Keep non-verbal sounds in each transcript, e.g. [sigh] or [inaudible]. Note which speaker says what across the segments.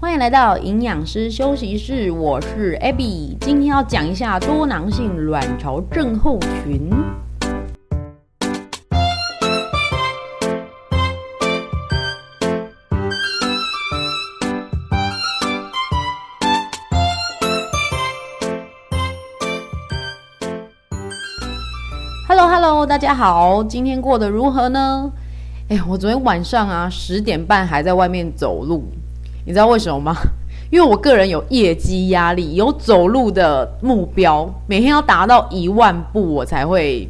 Speaker 1: 歡迎來到營養師休息室，我是 Abby，今天要講一下多囊性卵巢症候群。Hello，Hello，hello，大家好，今天過得如何呢？哎，我昨天晚上啊，十點半還在外面走路。你知道為什麼嗎？因為我個人有業績壓力，有走路的目標，每天要達到一萬步，我才會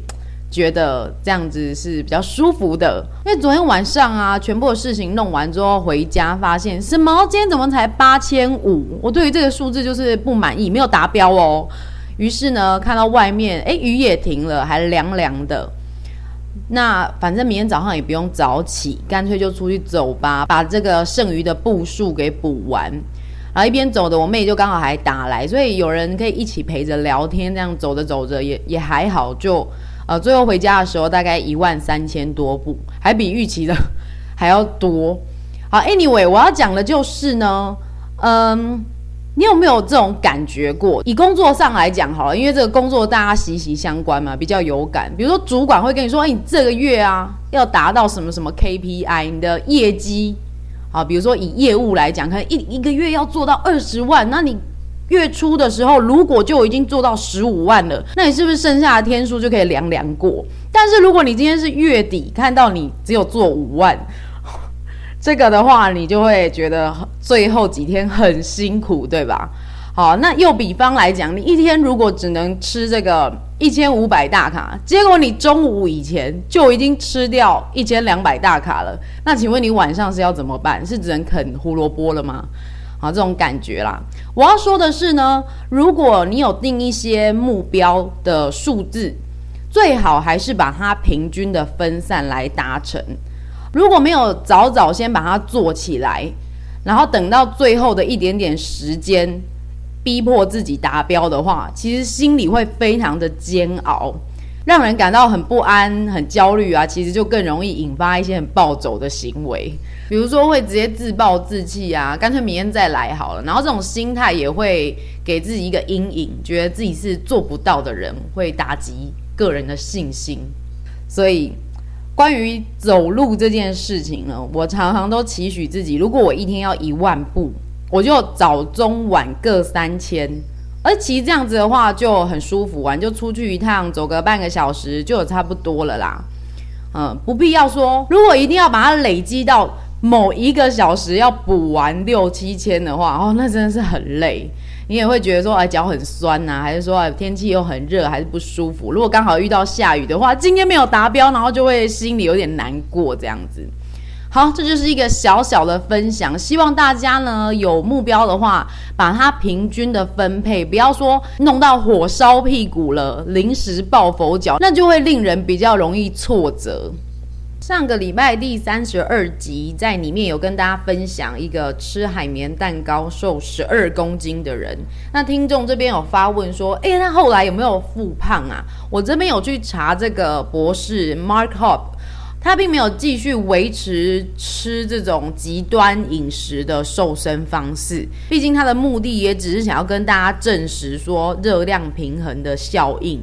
Speaker 1: 覺得這樣子是比較舒服的。因為昨天晚上啊，全部的事情弄完之後回家，發現什麼？今天怎麼才八千五？我對於這個數字就是不滿意，沒有達標哦。於是呢，看到外面，欸，雨也停了，還涼涼的。那反正明天早上也不用早起，乾脆就出去走吧，把這個剩餘的步數給補完。然後一邊走的我妹就剛好還打來，所以有人可以一起陪着聊天，這樣走着走着也也還好。就呃，最後回家的時候，大概一萬三千多步，還比預期的還要多。好，Anyway，我要講的就是呢，嗯。你有沒有這種感覺過？以工作上來講好了，因為這個工作大家息息相關嘛，比較有感。比如說，主管會跟你說：“哎、欸，你這個月啊，要達到什麼什麼 KPI，你的業績啊。”好，比如說，以業務來講，可能一一個月要做到二十萬，那你月初的時候如果就已經做到十五萬了，那你是不是剩下的天數就可以涼涼過？但是如果你今天是月底，看到你只有做五萬。這個的話，你就會覺得最後幾天很辛苦，對吧？好，那又比方來講，你一天如果只能吃這個一千五百大卡，結果你中午以前就已經吃掉一千兩百大卡了，那請問你晚上是要怎麼辦？是只能啃胡蘿蔔了嗎？好，這種感覺啦。我要說的是呢，如果你有定一些目標的數字，最好還是把它平均的分散來達成。如果沒有早早先把它做起來，然後等到最後的一點點時間，逼迫自己達標的話，其實心裡會非常的煎熬，讓人感到很不安、很焦慮啊。其實就更容易引發一些很暴走的行為，比如說會直接自暴自棄啊，乾脆明天再來好了。然後這種心態也會給自己一個陰影，覺得自己是做不到的人，會打擊個人的信心，所以。關於走路這件事情呢，我常常都期許自己，如果我一天要一萬步，我就早中晚各三千。而其實這樣子的話就很舒服啊，完就出去一趟，走個半個小時就有差不多了啦。嗯，不必要說，如果一定要把它累積到。某一個小時要補完六七千的話，哦，那真的是很累，你也會覺得說，哎，腳很酸吶，啊，還是說，哎，天氣又很熱，還是不舒服。如果剛好遇到下雨的話，今天沒有達標，然後就會心裡有點難過，這樣子。好，這就是一個小小的分享，希望大家呢，有目標的話，把它平均的分配，不要說弄到火燒屁股了，臨時抱佛腳，那就會令人比較容易挫折。上個禮拜第三十二集在裡面有跟大家分享一個吃海綿蛋糕瘦十二公斤的人。那聽眾這邊有發問說：“誒、欸，他後來有沒有復胖啊？”我這邊有去查這個博士 Mark Hop，他並沒有繼續維持吃這種極端飲食的瘦身方式。畢竟他的目的也只是想要跟大家證實說，熱量平衡的效應。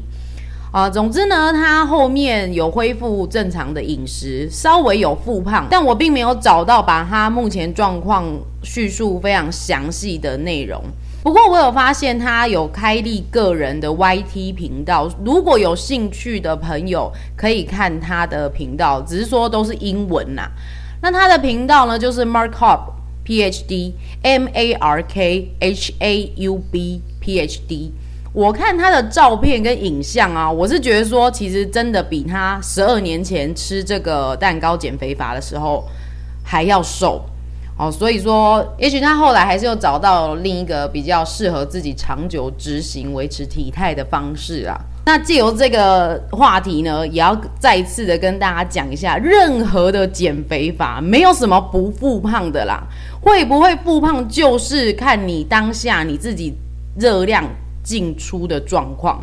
Speaker 1: 啊，總之呢，他後面有恢復正常的飲食，稍微有復胖，但我並沒有找到把他目前狀況敘述非常詳細的內容。不過我有發現他有開立個人的 YT 頻道，如果有興趣的朋友可以看他的頻道，只是說都是英文吶、啊。那他的頻道呢，就是 Mark Haub PhD，M A R K H A U B P H D。我看他的照片跟影像啊，我是覺得說，其實真的比他十二年前吃這個蛋糕減肥法的時候還要瘦哦。所以說，也許他後來還是又找到另一個比較適合自己長久執行、維持體態的方式啊。那借由這個話題呢，也要再次的跟大家講一下，任何的減肥法沒有什麼不復胖的啦。會不會復胖，就是看你當下你自己熱量進出的狀況，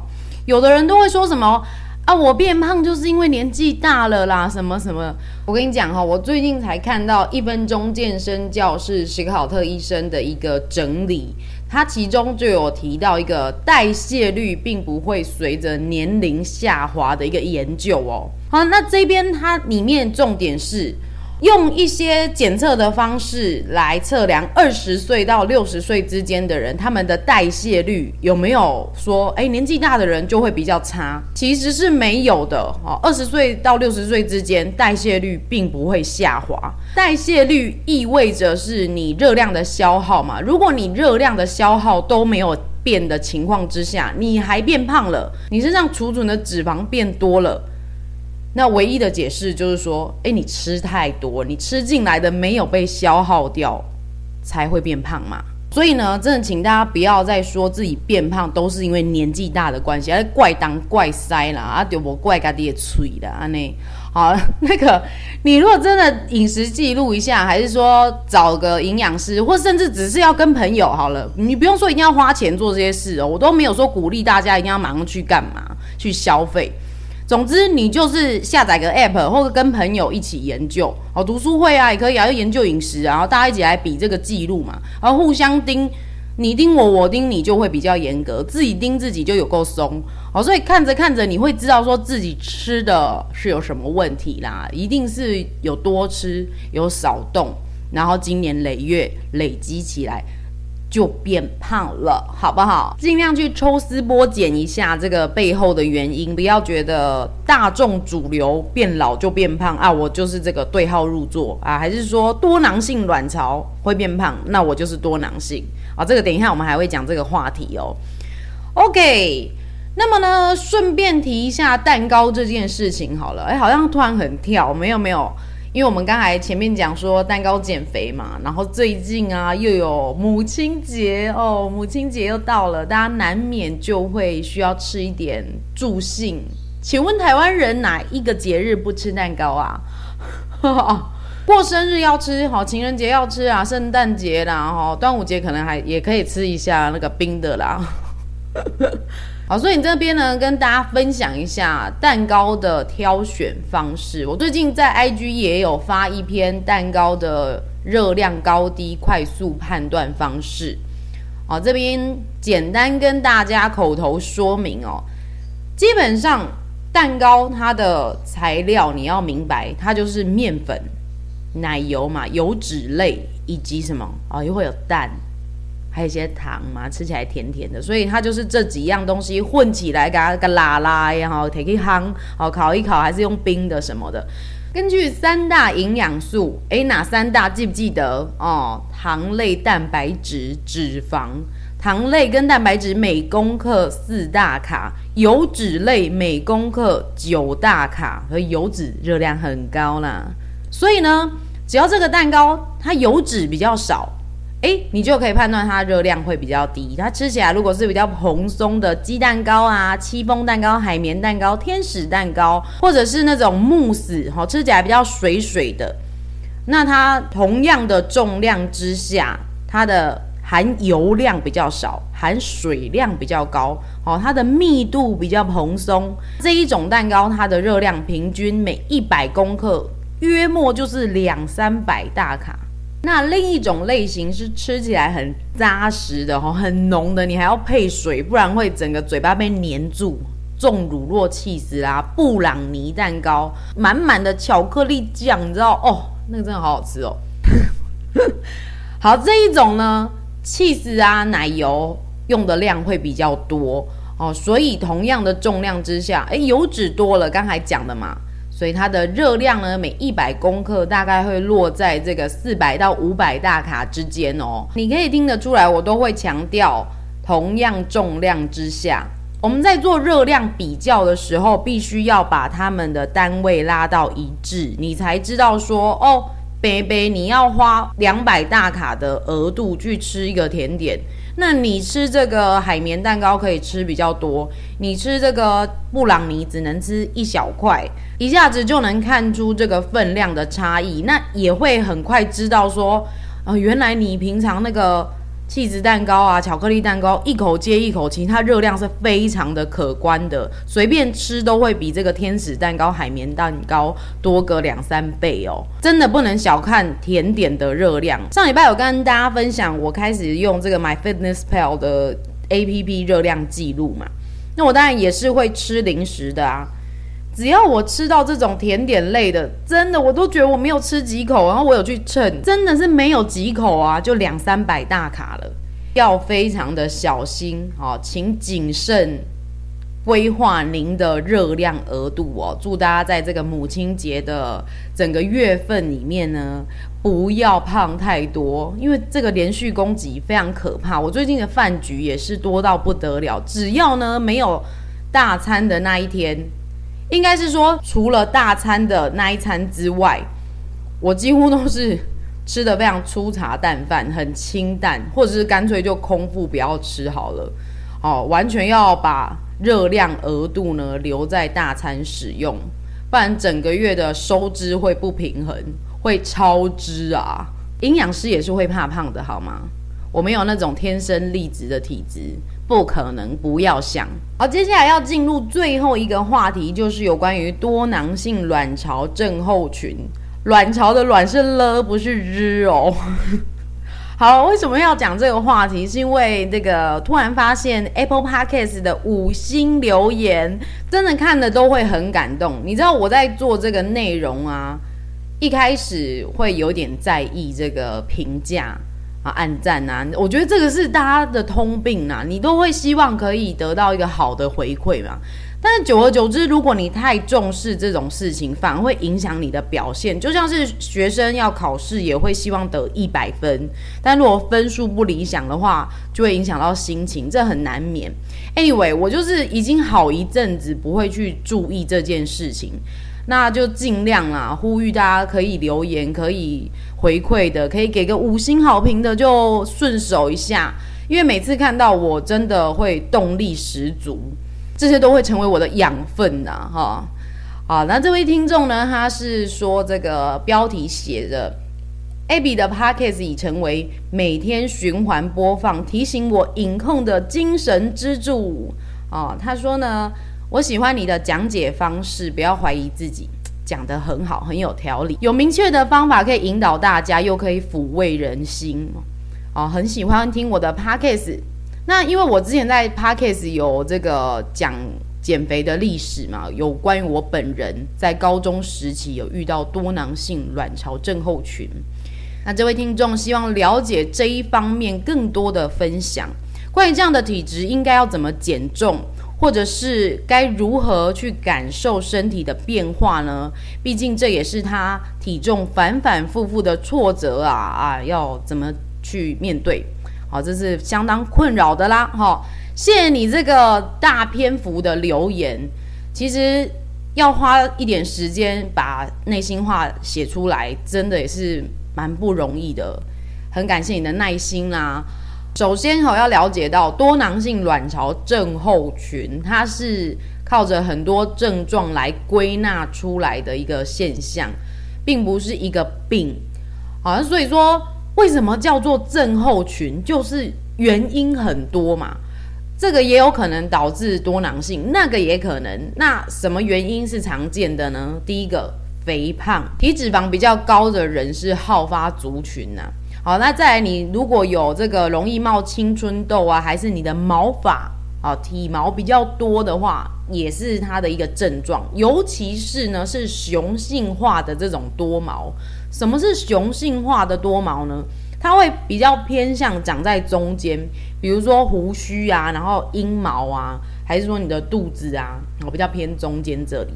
Speaker 1: 有的人都會說什麼啊？我變胖就是因為年紀大了啦，什麼什麼？我跟你講哈，我最近才看到一分鐘健身教室史考特醫生的一個整理，他其中就有提到一個代謝率並不會隨着年齡下滑的一個研究哦、喔。好，那這邊它裡面重點是，用一些檢測的方式來測量二十歲到六十歲之間的人，他們的代謝率有沒有說，哎、欸，年紀大的人就會比較差？其實是沒有的哦。二十歲到六十歲之間，代謝率並不會下滑。代謝率意味着是你熱量的消耗嘛。如果你熱量的消耗都沒有變的情況之下，你還變胖了，你身上儲存的脂肪變多了。那唯一的解釋就是說，哎、欸，你吃太多，你吃進來的沒有被消耗掉，才會變胖嘛。所以呢，真的請大家不要再說自己變胖都是因為年紀大的關係，還怪東怪西啦啊！對怪怪，我、啊、怪自己的嘴啦安內。好，那個你如果真的飲食記錄一下，還是說找個營養師，或甚至只是要跟朋友好了，你不用說一定要花錢做這些事哦、喔。我都沒有說鼓勵大家一定要馬上去幹嘛去消費。總之，你就是下載個 App，或者跟朋友一起研究好，讀書會啊也可以啊，研究飲食啊，然後大家一起來比這個記錄嘛，然後互相盯，你盯我，我盯你，就會比較嚴格，自己盯自己就有夠鬆好，所以看着看着，你會知道說自己吃的是有什麼問題啦，一定是有多吃有少動，然後經年累月累積起來。就變胖了，好不好？盡量去抽絲剝繭一下這個背後的原因，不要覺得大眾主流變老就變胖啊！我就是這個對號入座啊，還是說多囊性卵巢會變胖？那我就是多囊性啊！這個等一下我們還會講這個話題哦。OK，那麼呢，順便提一下蛋糕這件事情好了。哎、欸，好像突然很跳，沒有沒有。因為我們剛才前面講說蛋糕減肥嘛，然後最近啊又有母親節哦，母親節又到了，大家難免就會需要吃一點助興。請問台灣人哪一個節日不吃蛋糕啊？哦、過生日要吃，好、哦，情人節要吃啊，聖誕節啦、哦，端午節可能還也可以吃一下那個冰的啦。 [laughs] 好、哦，所以你這邊呢，跟大家分享一下蛋糕的挑選方式。我最近在 IG 也有發一篇蛋糕的熱量高低快速判斷方式。哦，這邊簡單跟大家口頭說明哦。基本上，蛋糕它的材料你要明白，它就是麵粉、奶油嘛，油脂類以及什麼啊、哦，又會有蛋。還有一些糖嘛，吃起來甜甜的，所以它就是這幾樣東西混起來，給它個拉拉呀，然後，拿去烤，好烤一烤，還是用冰的什麼的。根據三大營養素，哎、欸，哪三大記不記得哦？糖類、蛋白質、脂肪。糖類跟蛋白質每公克四大卡，油脂類每公克九大卡，所以油脂熱量很高啦。所以呢，只要這個蛋糕它油脂比較少，誒，你就可以判斷它熱量會比較低。它吃起來如果是比較蓬鬆的雞蛋糕啊、戚風蛋糕、海綿蛋糕、天使蛋糕，或者是那種慕斯，哈，吃起來比較水水的，那它同樣的重量之下，它的含油量比較少，含水量比較高，哦，它的密度比較蓬鬆，這一種蛋糕它的熱量平均每一百公克約莫就是兩三百大卡。那另一種類型是吃起來很紮實的哈，很濃的，你還要配水，不然會整個嘴巴被黏住。重乳酪起司啊，布朗尼蛋糕，滿滿的巧克力醬，你知道哦，那個真的好好吃哦。 [laughs] 好，這一種呢，起司啊，奶油用的量會比較多哦，所以同樣的重量之下，哎、欸，油脂多了，剛才講的嘛。所以它的熱量呢，每一百公克大概會落在這個四百到五百大卡之間哦、喔。你可以聽得出來，我都會強調，同樣重量之下，我們在做熱量比較的時候，必須要把它們的單位拉到一致，你才知道說哦，baby 你要花兩百大卡的額度去吃一個甜點。那你吃這個海綿蛋糕可以吃比較多，你吃這個布朗尼只能吃一小塊，一下子就能看出這個分量的差異，那也會很快知道說，啊、呃，原來你平常那個。起司蛋糕啊，巧克力蛋糕一口接一口，其實它熱量是非常的可觀的，隨便吃都會比這個天使蛋糕、海綿蛋糕多個兩三倍哦，真的不能小看甜點的熱量。上禮拜有跟大家分享，我開始用這個 My Fitness Pal 的 APP 熱量記錄嘛，那我當然也是會吃零食的啊。只要我吃到這種甜點類的，真的我都覺得我沒有吃幾口，然後我有去稱，真的是沒有幾口啊，就兩三百大卡了，要非常的小心，好，哦，請謹慎規劃您的熱量額度哦。祝大家在這個母親節的整個月份裡面呢，不要胖太多，因為這個連續攻擊非常可怕。我最近的飯局也是多到不得了，只要呢沒有大餐的那一天，應該是說，除了大餐的那一餐之外，我幾乎都是吃得非常粗茶淡飯，很清淡，或者是乾脆就空腹不要吃好了。哦，完全要把熱量額度呢留在大餐使用，不然整個月的收支會不平衡，會超支啊！營養師也是會怕胖的，好嗎？我沒有那種天生麗質的體質。不可能，不要想。好，接下來要進入最後一個話題，就是有關於多囊性卵巢症候群。卵巢的卵是了，不是日哦。 [laughs] 好，為什麼要講這個話題？是因為這個突然發現 Apple Podcast 的五星留言，真的看得都會很感動。你知道我在做這個內容啊，一開始會有點在意這個評價。啊，按讚啊，我覺得這個是大家的通病啊，你都會希望可以得到一個好的回饋嘛。但是久而久之，如果你太重視這種事情，反而會影響你的表現。就像是學生要考試，也會希望得一百分，但如果分數不理想的話，就會影響到心情，這很難免。Anyway，我就是已經好一陣子不會去注意這件事情。那就盡量啦！呼籲大家可以留言，可以回饋的，可以給個五星好評的就順手一下，因為每次看到我真的會動力十足，這些都會成為我的養分吶！哈，啊，那這位聽眾呢，他是說這個標題寫着 “Abby 的 Podcast 已成為每天循環播放，提醒我飲控的精神支柱”，哦、啊，他說呢。我喜歡你的講解方式，不要懷疑自己，講得很好，很有條理，有明確的方法可以引導大家，又可以撫慰人心，哦，很喜歡聽我的 podcast。那因為我之前在 podcast 有這個講減肥的歷史嘛，有關於我本人在高中時期有遇到多囊性卵巢症候群，那這位聽眾希望了解這一方面更多的分享，關於這樣的體質應該要怎麼減重。或者是該如何去感受身體的變化呢？畢竟這也是他體重反反复复的挫折啊啊！要怎麼去面對？好，這是相當困擾的啦。哈，謝謝你這個大篇幅的留言。其實要花一點時間把內心話寫出來，真的也是蠻不容易的。很感謝你的耐心啦。首先，哈、哦、要了解到多囊性卵巢症候群，它是靠着很多症狀來歸納出來的一個現象，並不是一個病。像、啊、所以說為什麼叫做症候群，就是原因很多嘛。這個也有可能導致多囊性，那個也可能。那什麼原因是常見的呢？第一個，肥胖，體脂肪比較高的人是好發族群吶、啊。好，那再來，你如果有這個容易冒青春痘啊，還是你的毛髮啊，體毛比較多的話，也是它的一個症狀。尤其是呢，是雄性化的這種多毛。什麼是雄性化的多毛呢？它會比較偏向長在中間，比如說鬍鬚啊，然後陰毛啊，還是說你的肚子啊，比較偏中間這裡。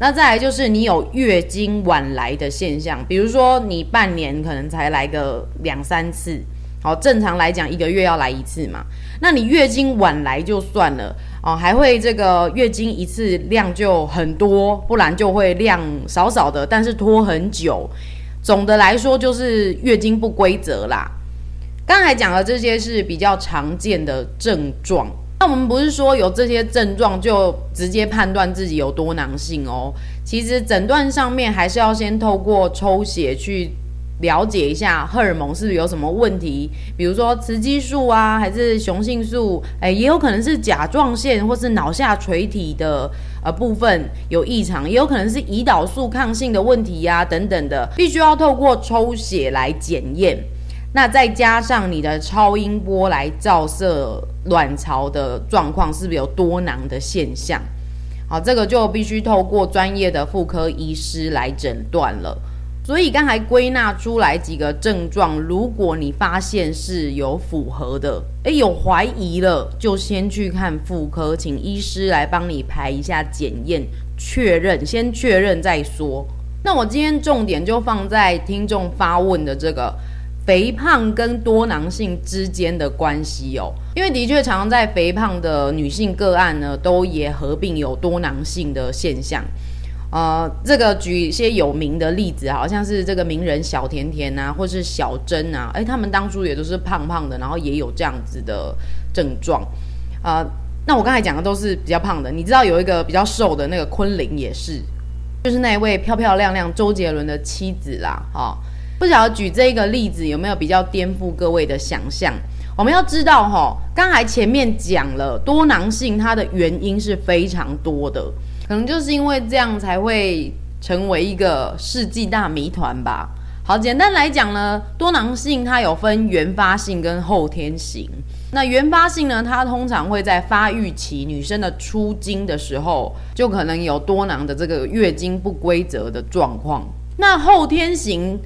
Speaker 1: 那再來就是你有月經晚來的現象，比如說你半年可能才來個兩三次，好，正常來講一個月要來一次嘛。那你月經晚來就算了哦，還會這個月經一次量就很多，不然就會量少少的，但是拖很久。總的來說就是月經不規則啦。剛才講的這些是比較常見的症狀。那我們不是說有這些症狀就直接判斷自己有多囊性哦，其實診斷上面還是要先透過抽血去了解一下荷爾蒙是不是有什麼問題，比如說雌激素啊，還是雄性素，誒、欸，也有可能是甲狀腺或是腦下垂體的呃部分有異常，也有可能是胰島素抗性的問題呀、啊、等等的，必須要透過抽血來檢驗。那再加上你的超音波來照射卵巢的狀況，是不是有多囊的現象？好，這個就必須透過專業的婦科醫師來診斷了。所以剛才歸納出來幾個症狀，如果你發現是有符合的，哎、欸，有懷疑了，就先去看婦科，請醫師來幫你排一下檢驗，確認，先確認再說。那我今天重點就放在聽眾發問的這個。肥胖跟多囊性之間的關係哦，因為的確常常在肥胖的女性個案呢，都也合併有多囊性的現象。呃，這個舉一些有名的例子，好像是這個名人小甜甜啊，或是小禎啊，誒，他們當初也都是胖胖的，然後也有這樣子的症狀。啊、呃，那我剛才講的都是比較胖的，你知道有一個比較瘦的那個昆凌也是，就是那位漂漂亮亮周杰倫的妻子啦，哈、哦。不曉得舉這個例子有沒有比較顛覆各位的想象我們要知道哈、哦，剛才前面講了多囊性，它的原因是非常多的，可能就是因為這樣才會成為一個世紀大謎團吧。好，簡單來講呢，多囊性它有分原發性跟後天型。那原發性呢，它通常會在發育期女生的初經的時候，就可能有多囊的這個月經不規則的狀況。那後天型。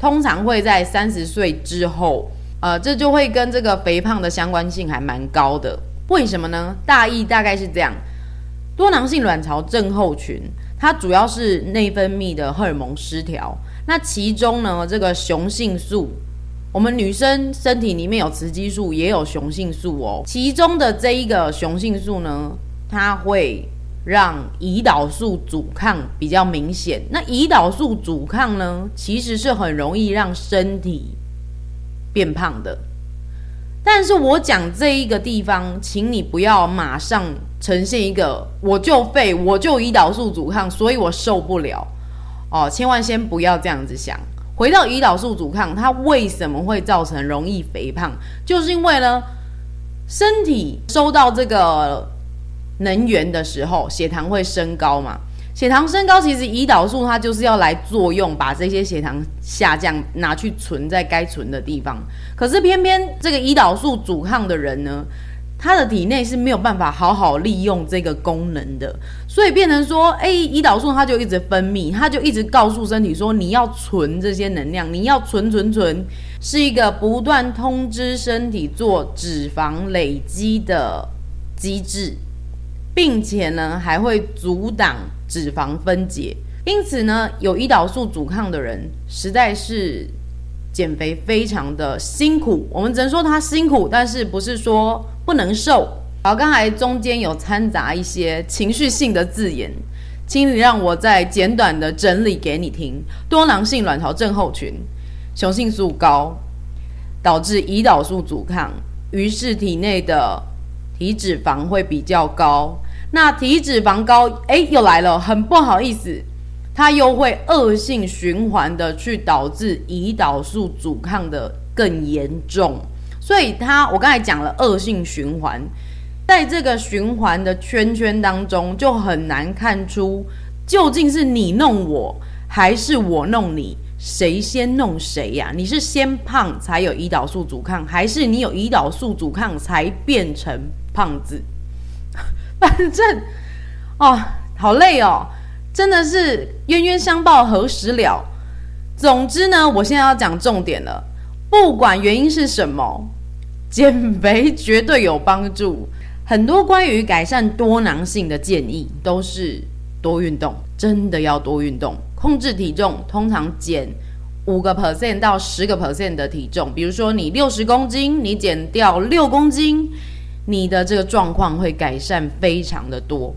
Speaker 1: 通常會在三十歲之後，呃，這就會跟這個肥胖的相關性還蠻高的。為什麼呢？大意大概是這樣：多囊性卵巢症候群，它主要是內分泌的荷爾蒙失調。那其中呢，這個雄性素，我們女生身體裡面有雌激素，也有雄性素哦。其中的這一個雄性素呢，它會。讓胰島素阻抗比較明顯，那胰島素阻抗呢，其實是很容易讓身體變胖的。但是我講這一個地方，請你不要馬上呈現一個我就廢，我就胰島素阻抗，所以我受不了。哦，千萬先不要這樣子想。回到胰島素阻抗，它為什麼會造成容易肥胖？就是因為呢，身體收到這個。能源的時候，血糖會升高嘛？血糖升高，其實胰島素它就是要來作用，把這些血糖下降，拿去存在該存的地方。可是偏偏這個胰島素阻抗的人呢，他的體內是沒有辦法好好利用這個功能的，所以變成說，誒，胰島素它就一直分泌，它就一直告訴身體說，你要存這些能量，你要存存存，是一個不斷通知身體做脂肪累積的機制。並且呢，還會阻擋脂肪分解，因此呢，有胰島素阻抗的人實在是減肥非常的辛苦。我們只能說他辛苦，但是不是說不能瘦。好，剛才中間有摻雜一些情緒性的字眼，請你讓我再簡短的整理給你聽。多囊性卵巢症候群，雄性素高，導致胰島素阻抗，於是體內的體脂肪會比較高。那體脂肪高，誒、欸，又來了，很不好意思，它又會惡性循環的去導致胰島素阻抗的更嚴重，所以它我剛才講了惡性循環，在這個循環的圈圈當中，就很難看出究竟是你弄我，還是我弄你，誰先弄誰呀、啊？你是先胖才有胰島素阻抗，還是你有胰島素阻抗才變成胖子？反正，哦，好累哦，真的是冤冤相報何時了？總之呢，我現在要講重點了。不管原因是什麼，減肥絕對有幫助。很多關於改善多囊性的建議都是多運動，真的要多運動。控制體重，通常減五個 percent 到十個 percent 的體重。比如說你六十公斤，你減掉六公斤。你的這個狀況會改善非常的多，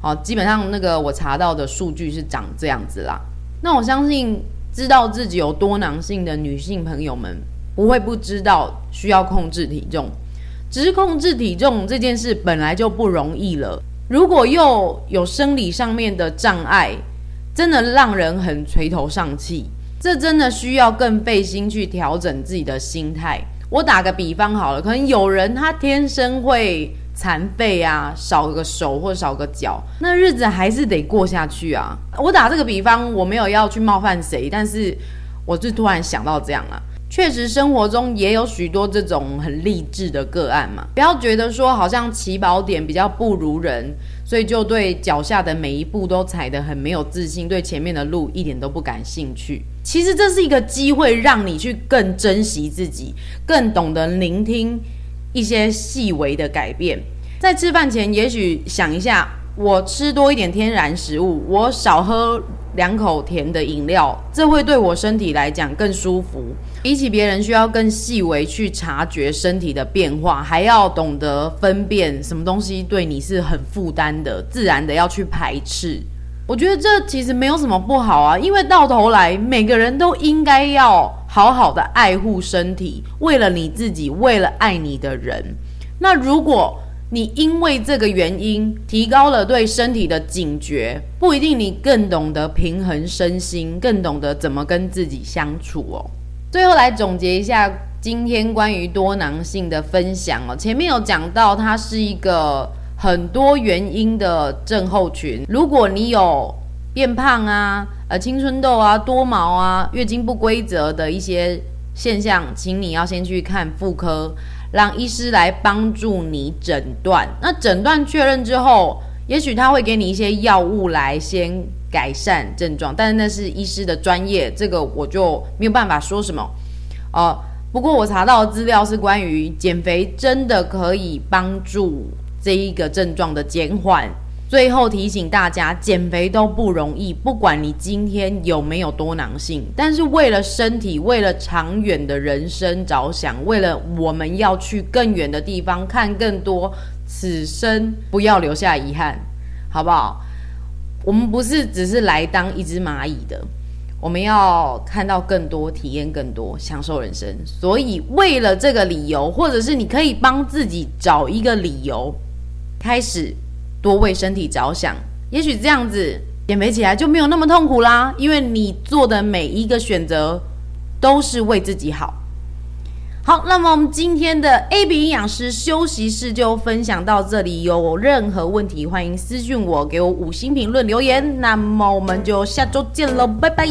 Speaker 1: 好，基本上那個我查到的數據是長這樣子啦。那我相信知道自己有多囊性的女性朋友們，不會不知道需要控制體重，只是控制體重這件事本來就不容易了，如果又有生理上面的障礙，真的讓人很垂頭喪氣。這真的需要更費心去調整自己的心態。我打個比方好了，可能有人他天生會殘廢啊，少個手或少個腳，那日子還是得過下去啊。我打這個比方，我沒有要去冒犯誰，但是我就突然想到這樣了。確實，生活中也有許多這種很勵志的個案嘛。不要覺得說好像起跑點比較不如人，所以就對腳下的每一步都踩得很沒有自信，對前面的路一點都不感興趣。其實這是一個機會，讓你去更珍惜自己，更懂得聆聽一些細微的改變。在吃飯前，也許想一下，我吃多一點天然食物，我少喝。兩口甜的飲料，這會對我身體來講更舒服。比起別人需要更細微去察覺身體的變化，還要懂得分辨什麼東西對你是很負擔的，自然的要去排斥。我覺得這其實沒有什麼不好啊，因為到頭來每個人都應該要好好的愛護身體，為了你自己，為了愛你的人。那如果……你因為這個原因提高了對身體的警覺，不一定你更懂得平衡身心，更懂得怎麼跟自己相處哦。最後來總結一下今天關於多囊性的分享哦。前面有講到它是一個很多原因的症候群，如果你有變胖啊、青春痘啊、多毛啊、月經不規則的一些現象，請你要先去看婦科。讓醫師來幫助你診斷。那診斷確認之後，也許他會給你一些藥物來先改善症狀，但是那是醫師的專業，這個我就沒有辦法說什麼。哦、呃，不過我查到的資料是關於減肥真的可以幫助這一個症狀的減緩。最後提醒大家，減肥都不容易，不管你今天有沒有多囊性，但是為了身體，為了長遠的人生着想，為了我們要去更遠的地方看更多，此生不要留下遺憾，好不好？我們不是只是來當一隻螞蟻的，我們要看到更多，體驗更多，享受人生。所以，為了這個理由，或者是你可以幫自己找一個理由，開始。多為身體着想，也許這樣子減肥起來就沒有那麼痛苦啦。因為你做的每一個選擇都是為自己好。好，那麼我們今天的 Abby 營養師休息室就分享到這裡。有任何問題，歡迎私訊我，給我五星評論留言。那麼我們就下周見囉，拜拜。